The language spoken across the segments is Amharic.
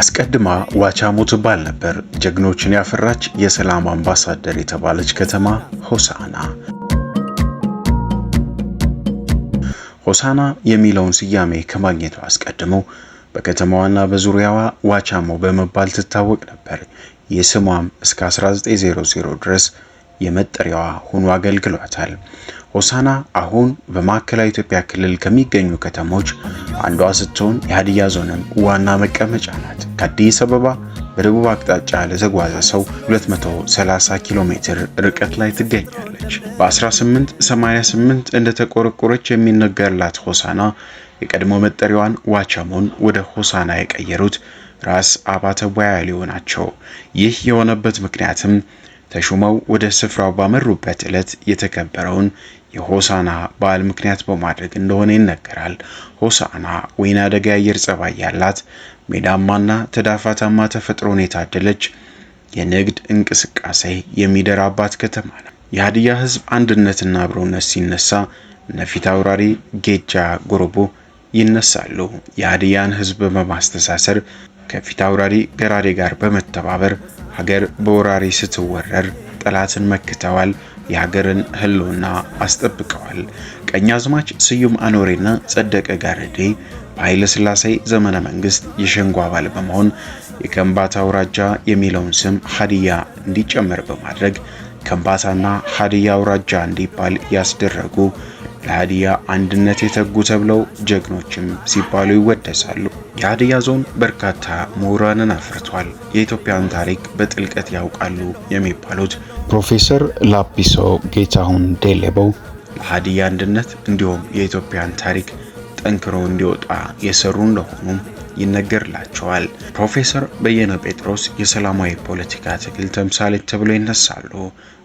አስቀድማ ዋቻሞ ትባል ነበር። ጀግኖችን ያፈራች የሰላም አምባሳደር የተባለች ከተማ ሆሳና። ሆሳና የሚለውን ስያሜ ከማግኘቷ አስቀድሞ በከተማዋና በዙሪያዋ ዋቻሞ በመባል ትታወቅ ነበር። የስሟም እስከ 1900 ድረስ የመጠሪያዋ ሆኖ አገልግሏታል። ሆሳና አሁን በማዕከላዊ ኢትዮጵያ ክልል ከሚገኙ ከተሞች አንዷ ስትሆን የሀዲያ ዞንም ዋና መቀመጫ ናት። ከአዲስ አበባ በደቡብ አቅጣጫ ለተጓዘ ሰው 230 ኪሎ ሜትር ርቀት ላይ ትገኛለች። በ1888 እንደተቆረቆረች የሚነገርላት ሆሳና የቀድሞ መጠሪያዋን ዋቻሞን ወደ ሆሳና የቀየሩት ራስ አባተ ቡያሌው ናቸው። ይህ የሆነበት ምክንያትም ተሹመው ወደ ስፍራው ባመሩበት ዕለት የተከበረውን የሆሳና በዓል ምክንያት በማድረግ እንደሆነ ይነገራል። ሆሳና ወይን አደጋ የአየር ጸባይ ያላት ሜዳማና ተዳፋታማ ተፈጥሮን የታደለች የንግድ እንቅስቃሴ የሚደራባት ከተማ ነው። የሀዲያ ሕዝብ አንድነትና አብሮነት ሲነሳ እነፊት አውራሪ ጌጃ ጎርቦ ይነሳሉ። የሀዲያን ሕዝብ በማስተሳሰር ከፊት አውራሪ ገራዴ ጋር በመተባበር ሀገር በወራሪ ስትወረር ጠላትን መክተዋል። የሀገርን ህልውና አስጠብቀዋል። ቀኛዝማች ስዩም አኖሬና ጸደቀ ጋረዴ በኃይለ ሥላሴ ዘመነ መንግስት የሸንጎ አባል በመሆን የከምባታ አውራጃ የሚለውን ስም ሀዲያ እንዲጨመር በማድረግ ከምባታና ሀዲያ አውራጃ እንዲባል ያስደረጉ ለሀዲያ አንድነት የተጉ ተብለው ጀግኖችም ሲባሉ ይወደሳሉ። የሀዲያ ዞን በርካታ ምሁራንን አፍርቷል። የኢትዮጵያን ታሪክ በጥልቀት ያውቃሉ የሚባሉት ፕሮፌሰር ላፒሶ ጌታሁን ዴሌቦ ለሀዲያ አንድነት እንዲሁም የኢትዮጵያን ታሪክ ጠንክሮ እንዲወጣ የሰሩ እንደሆኑም ይነገርላቸዋል። ፕሮፌሰር በየነ ጴጥሮስ የሰላማዊ ፖለቲካ ትግል ተምሳሌት ተብሎ ይነሳሉ።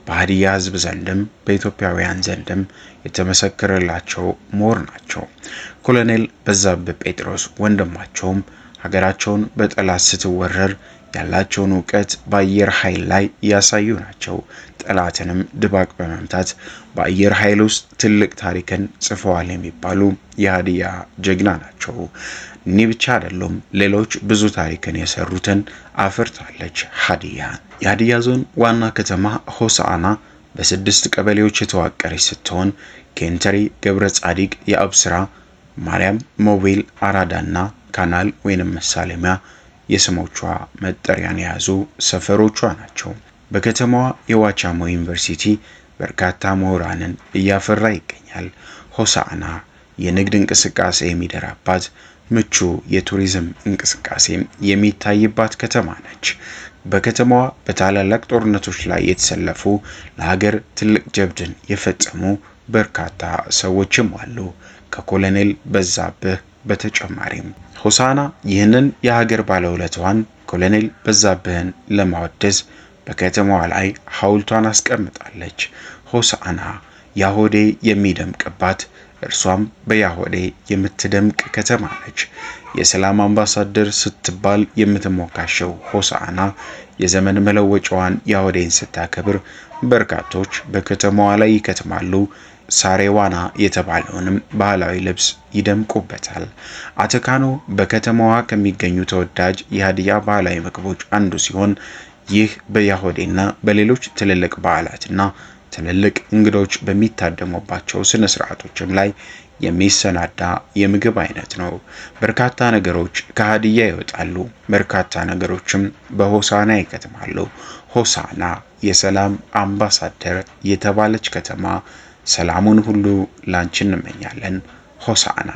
በሀዲያ ህዝብ ዘንድም በኢትዮጵያውያን ዘንድም የተመሰከረላቸው ሞር ናቸው። ኮሎኔል በዛብህ ጴጥሮስ ወንድማቸውም ሀገራቸውን በጠላት ስትወረር ያላቸውን እውቀት በአየር ኃይል ላይ ያሳዩ ናቸው። ጠላትንም ድባቅ በመምታት በአየር ኃይል ውስጥ ትልቅ ታሪክን ጽፈዋል የሚባሉ የሀዲያ ጀግና ናቸው። እኒህ ብቻ አይደሉም፣ ሌሎች ብዙ ታሪክን የሰሩትን አፍርታለች ሀዲያ። የሀዲያ ዞን ዋና ከተማ ሆሳአና በስድስት ቀበሌዎች የተዋቀረች ስትሆን ኬንተሪ፣ ገብረ ጻዲቅ፣ የአብስራ ማርያም፣ ሞቢል፣ አራዳ ካናል ወይንም መሳለሚያ የስሞቿ መጠሪያን የያዙ ሰፈሮቿ ናቸው። በከተማዋ የዋቻሞ ዩኒቨርሲቲ በርካታ ምሁራንን እያፈራ ይገኛል። ሆሳዕና የንግድ እንቅስቃሴ የሚደራባት ምቹ የቱሪዝም እንቅስቃሴም የሚታይባት ከተማ ነች። በከተማዋ በታላላቅ ጦርነቶች ላይ የተሰለፉ ለሀገር ትልቅ ጀብድን የፈጸሙ በርካታ ሰዎችም አሉ። ከኮሎኔል በዛብህ በተጨማሪም ሆሳና ይህንን የሀገር ባለውለትዋን ኮሎኔል በዛብህን ለማወደስ በከተማዋ ላይ ሐውልቷን አስቀምጣለች። ሆሳና ያሆዴ የሚደምቅባት እርሷም በያሆዴ የምትደምቅ ከተማ ነች። የሰላም አምባሳደር ስትባል የምትሞካሸው ሆሳዕና የዘመን መለወጫዋን ያሆዴን ስታከብር በርካቶች በከተማዋ ላይ ይከትማሉ። ሳሬዋና የተባለውንም ባህላዊ ልብስ ይደምቁበታል። አተካኖ በከተማዋ ከሚገኙ ተወዳጅ የሀዲያ ባህላዊ ምግቦች አንዱ ሲሆን ይህ በያሆዴና በሌሎች ትልልቅ በዓላትና ትልልቅ እንግዶች በሚታደሙባቸው ስነ ስርዓቶችም ላይ የሚሰናዳ የምግብ አይነት ነው። በርካታ ነገሮች ከሀዲያ ይወጣሉ። በርካታ ነገሮችም በሆሳና ይከትማሉ። ሆሳና የሰላም አምባሳደር የተባለች ከተማ፣ ሰላሙን ሁሉ ላንቺ እንመኛለን። ሆሳና